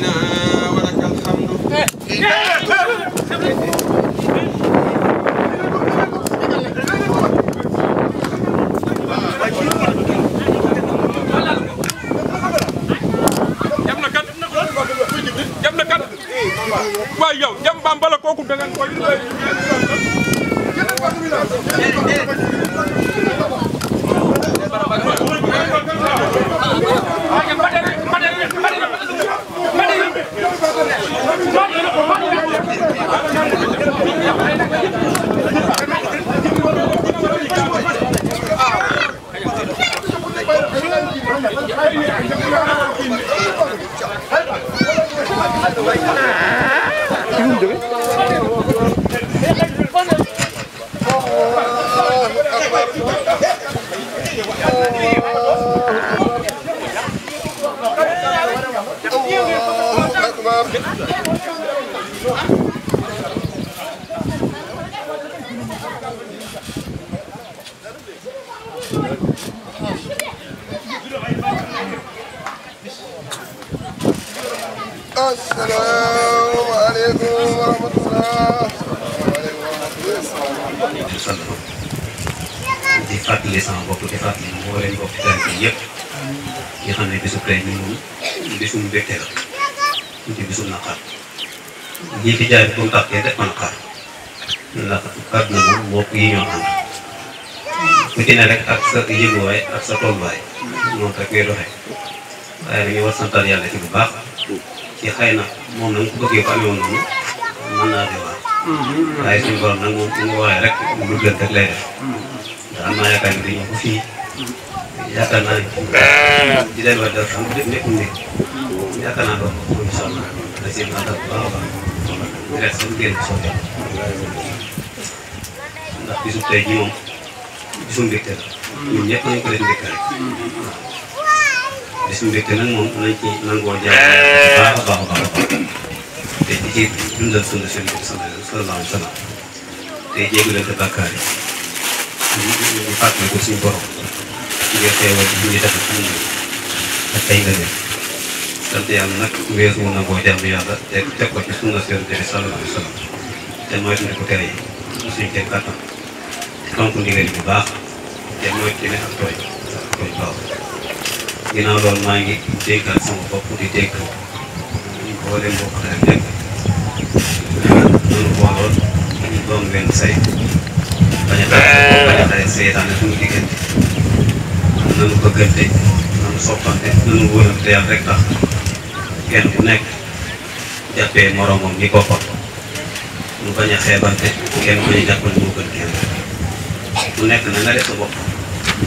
ربنا ولك الحمد waaw yow jam bambala kooku da nga koy السلام عليكم ورحمة الله di fàttali sama bopp di fàttali mbooleem bopp ku ci ne rek ak sa yënguwaay ak sa tolluwaay noonu rek ngay doxee waaye dañuy war santaan yàlla ci bu baax ci xay na moom nag ku bëggee ko amee woon mm-hmm. nag lu gën rek lay def mm-hmm. ndax am naa yaakaar ne dañoo ko fii mm-hmm. yaakaar naa ne di leen wax dara xam nga yaakaar naa doon ko incha allah da a ndax bisu tey jii moom bisu mbégte la. ñun ñëpp nañu ko leen mbégte rek. bisu mbégte nag moom nañ ci nangoo jaay baax a baax a baax te di ci dundal sunna seen bopp sallallahu alayhi wa sallam te jégalante bàkkaar yi ñu ñu fàttali ko suñu borom ngir xeewal bi ñu def ci ñun ak tey nga leen sant yàlla nag weesu wu nangoo jàmm yàlla te teg ko ci sunna seen bopp sallallahu alayhi wa sallam te mooy suñu ko tere yi suñu teg kàttan te tontu ndigal bu baax. te mooy ki ak tooy ak tooy baaw ginnaaw maa ngi déggal sama bopp di dégg mboolem mbokk ak lépp noonu booloon ñu doon wenn say bañ a tax bañ a tax seytaane suñu diggante nanu bëggante nanu soppante nanu wóolante yàlla rek tax kenn ku nekk jàppee moromam ni boppam ñu bañ a kenn bañ a jàppal moo gën kenn ku nekk na nga def sa bopp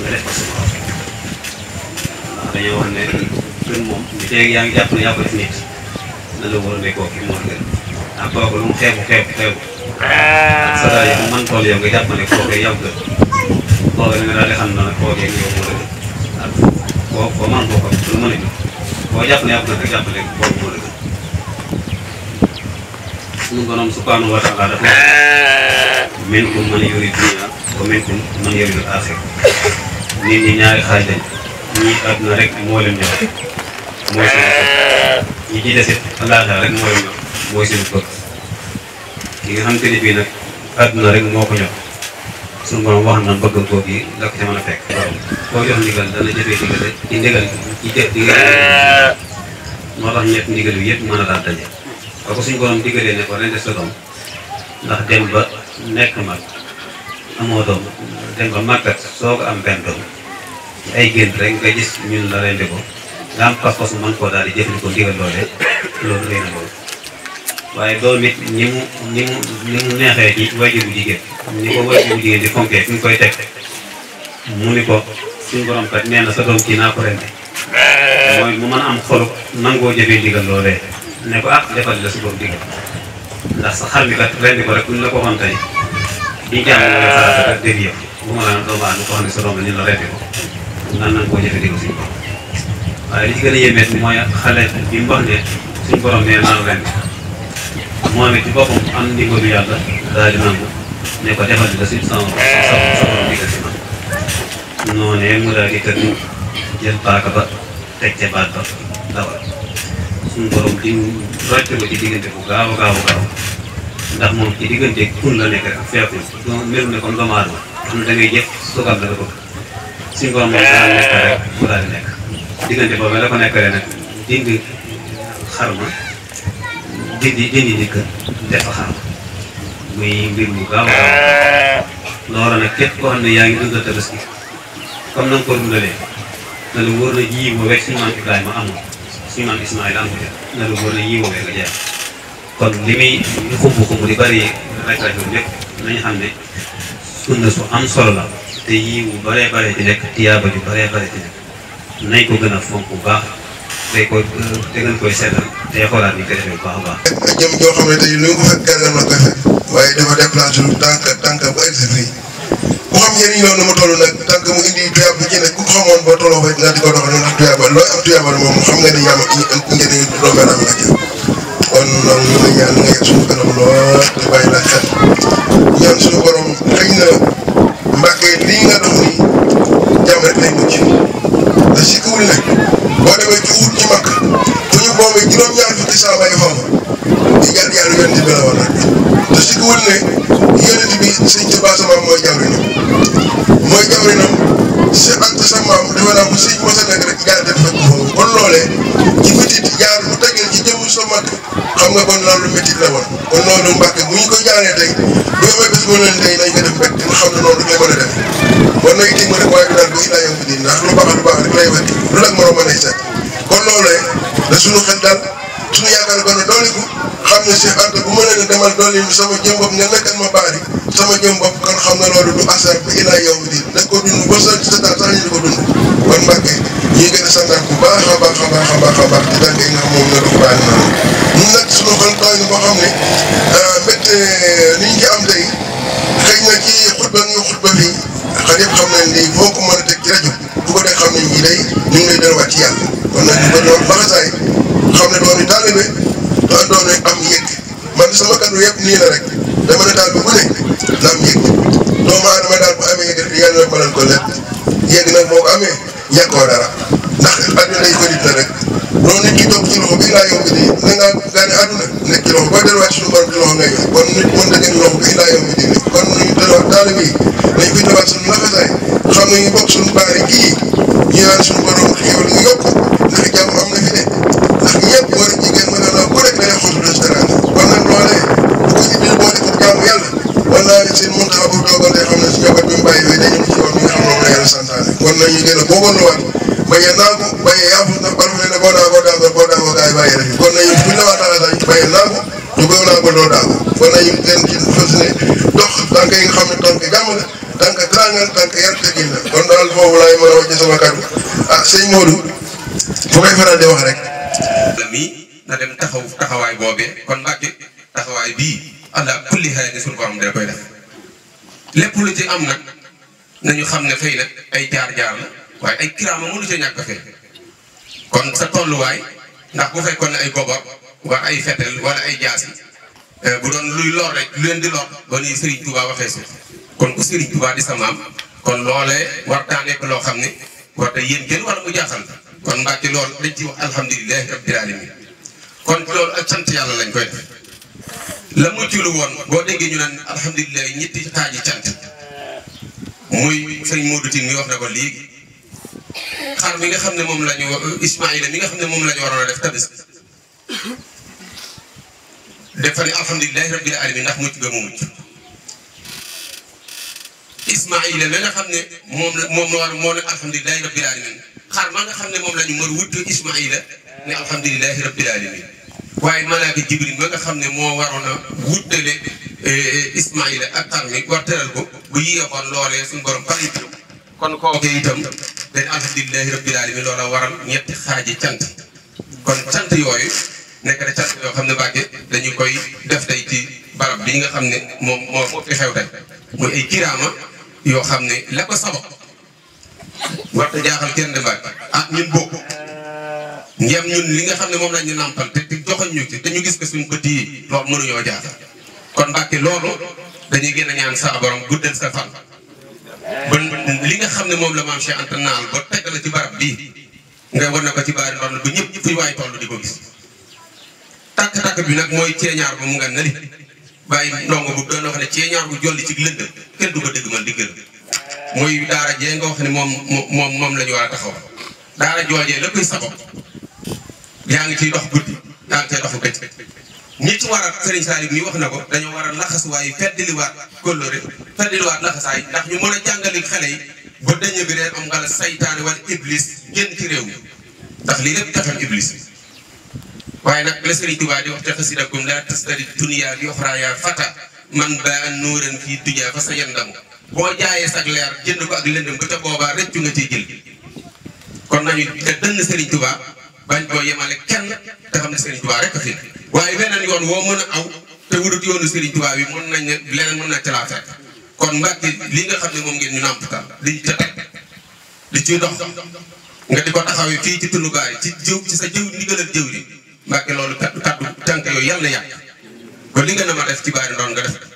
nga def ko sa bopp waaw dañoo wax ne gën moom bu tey yaa ngi jàpp ne yaa ko def nit na la wóor ne kooku moo la gën ak kooku lu mu xeebu xeebu xeebu ak sa daal yow man tool yow nga jàpp ne kooku yow gën kooku da nga daal di xam ne nag kooku yeeg yow moo la gën ak kooku ba man kooku lu mën a jóg boo jàpp ne yaa ko gën rek jàpp ne kooku moo la gën suñu borom subhanahu wa taala dafa minkum yuri dunya wa minkum yuri al-akhir nit ñi ñaari xaaj lañ ñi aduna rek moo leen ñor mooy seen bëgg ñi ci desit alaxira rek moo leen ñor mooy seen bëgg ki nga xam te ni bii nag aduna rek moo ko ñor suñu borom wax na bëggam koo bii la ko ca mën a fekk koo jox ndigal dana di nga moo ba ko suñu borom diggalee ne ko ren des ndax dem ba nekk mag amoo doom dem ba màggat soo ko am benn doom rek nga gis ñun la ko nga am pas-pas mu mën koo daal di jëfandikoo ndigal loolee loolu rëy na waaye doom it ni mu ni mu ni mu neexee ci wajur bu jigéen ni ko wajur bu jigéen di fonkee fi ñu koy teg mu ni ko suñu borom kat nee na sa kii naa ko rendi eh. mooy mu mën am xolu nangoo jëfee ndigal loolee ne ko ah defal la suba digg ndax sa xar bi kat rendi ko rek buñ la ko waxoon tey di jàng nga salaat ak dégg yëpp bu ma naan doomu aadama ko xam ne sa doom la ñu la rendi ko nan nan koo jëfandikoo suñ borom waaye li ci gën a yéemeet mooy xale bi mu wax ne suñ borom nee naan rendi ci am di nangu ne ko defal la suñ sama sa sa borom digg ma man noonee mu daal di tëdd jël paaka ba teg ba dawal suñu borom di rocce ko ci diggante bu gaaw gaaw ndax moom ci diggante kun la nekk ak feeku donc nekk nekk diggante boobu la ko nekkalee nag def fa xarma muy mbir mu gaaw a gaaw loolu nag képp koo xam ne yaa ngi dundal tabaski comme na nga ko na lu wóor na ji yi mu wekk si maam Ibrahima amoon suñu maam Ismaayil daan ko def na lu góor ne yii woowee nga jeex kon li muy xumb xumb di bëri ay rajo lépp nañu xam ne sunna su am solo la te yii wu bëree bëree ci nekk tiyaaba ju bëree bëree nañ ko gën a fonk bu baax tey ko te gën koy seetal te xoolaat ñu koy defee bu baax baax. ko fekk gàllankoor koy fekk waaye ku xam njëriñ loolu nu mu toll nag tant que mu indi tuyaab bi ci nag ku xamoon ba tolloo ba dina di ko doxal ndax tuyaabal looy am tuyaabal moom xam nga ne yaa ma njëriñ doomu aadama nga jël kon loolu ñu ngi ñaan nga yegg suñu kanam lool te bàyyi la xel ñaan suñu borom xëy xam nga kon loolu métti la woon kon loolu Mbàkke bu ñu ko jaanee tey bu amee bés bu leen tey nañ ko def mbégte nga xam la mën a def kon nag itam ma def waaye du daal ba ilaa yom fi ndax lu baax lu baax rek lay wet lu lak morom mën ay seet kon loolee da suñu xel daal suñu yaakaar gën a dolliku xam ne Cheikh Anta bu ma leen demal dolli sama jëm nga nekkal ma baari sama jëm bopp kon xam na loolu du asar ba ilaa yom fi din da ko dund ba sax ñu di ko dund am rek am yëg man sama kàddu yëpp nii la rek dama ne daal bu mu ne la am yëg doomu aadama daal bu amee yàlla na mënal ko lépp yëg nag moo ko amee ñàkkoo dara ndax àdduna day bërit la rek loolu nit ki toog ci loxo bi laa yomb di na nga gaane àdduna nekk ci loxo boo delluwaat suñu borom ci loxo ngay yor kon nit mën na gën loxo bi laa yomb di kon ñu delluwaat taalibe yi dañ fi delluwaat suñu laxasaay xam nañu bokk doo daanu wala ñu leen ci fas ne dox tànk yi nga xam ne tànk la tànk tàngal a wàcc ah, taxaw taxawaay boobee kon Mbàkke taxawaay bii ala lépp lu ci am nag nañu xam ne fay nag ay jaar-jaar la waaye ay kiraama mënu ca ñàkk fee kon sa tolluwaay ndax bu fekkoon ne ay bobor wala ay fetel wala ay jaasi Eh, bu doon luy lor rek lu leen di lor ba ni Serigne Touba waxee si kon ku Serigne Touba di sa maam kon loolee wartaa nekk loo xam ne warta yéen kenn war mu jaaxal kon Mbàkke loolu dañ ci wax kon loolu ak sant yàlla lañ koy def la mucc lu woon boo déggee ñu naan alhamdulilahi ñetti xaaji cant muy sëñ Modou Tine mi wax na ko léegi xar mi nga xam ne moom la ñu Ismaïla mi nga xam ne moom lañu ñu waroon a def tamit dafa ne alhamdulilahi rabbil alamin ndax mucc ba mu mucc ismaila ma nga xam ne moom la moom moo moo ne alhamdulilahi rabbil alamin xar ma nga xam ne moom la ñu mën wut ismaila ne alhamdulilahi rabbil alamin waaye malaaka jibril ma nga xam ne moo waroon a wuttale ismaila ak xar mi war tëral ko bu yéexoon loolee suñu borom pare kon kooke itam dañ alhamdulilahi rabbil alamin loola waral ñetti xaaji cant kon cant yooyu nekk na cant yoo xam ne Mbàkke dañu koy def tey ci barab bi nga xam ne moom moo moo fi xew ay kiraama yoo xam ne la ko sabab warta jaaxal kenn Mbàkke ah ñun bokk ngeem ñun li nga xam ne moom la ñu nàmpal te ñu ci te ñu gis ko suñu bët yi loolu mënuñoo jaaxal kon Mbàkke loolu dañuy gën a ñaan sa borom guddal sa fan ba li nga xam ne moom la maam Cheikh Anta naal ba teg la ci barab bii nga war na ko ci baari ndox na ñëpp fu ñu waay toll di ko gis takk-takk bi nag mooy ceeñaar ba mu nga nali bàyyi ndongo bu doon wax ne ceeñaar bu jolli ci lëndëm kenn du ko dëgg man diggal mooy daara jee nga wax ne moom moom moom la ñu war a taxaw daara joojee la koy sabab yaa ngi ciy dox guddi yaa ngi ciy dox bëccëg ñi ci war a sëriñ Saliou mi wax na ko dañoo war a laxasuwaay feddiliwaat kóllëre feddiliwaat laxasaay ndax ñu mën a jàngalil xale yi ba dëñë bi reen am nga la saytaane wala iblis génn ci réew mi ndax lii lépp taxam waaye nag la Sëriñ Tuubaa di wax ca xasidakum laa tastari dunya bi uxraa yaa fata man baa nuuran fii dunya fa sa yandamu boo jaayee sag leer jënd ko ak lëndëm ba te boobaa rëccu nga ciy jël kon nañu te dënn Sëriñ Tuubaa bañ koo yemale kenn te xam ne Sëriñ Tuubaa rek waaye beneen yoon woo mën a aw te wutut yoonu Sëriñ bi mën nañ ne leneen mën na ci kon Mbàkke li nga xam ne moom ngeen ñu nàmpatal li ñu ca teg li ciy dox nga di ko taxawee fii ci tund baay ci jëw ci sa jëw mbàkke loolu kaddu kaddu tànk yooyu yàlla yàq ba li nga na ma def ci baari ndoon nga def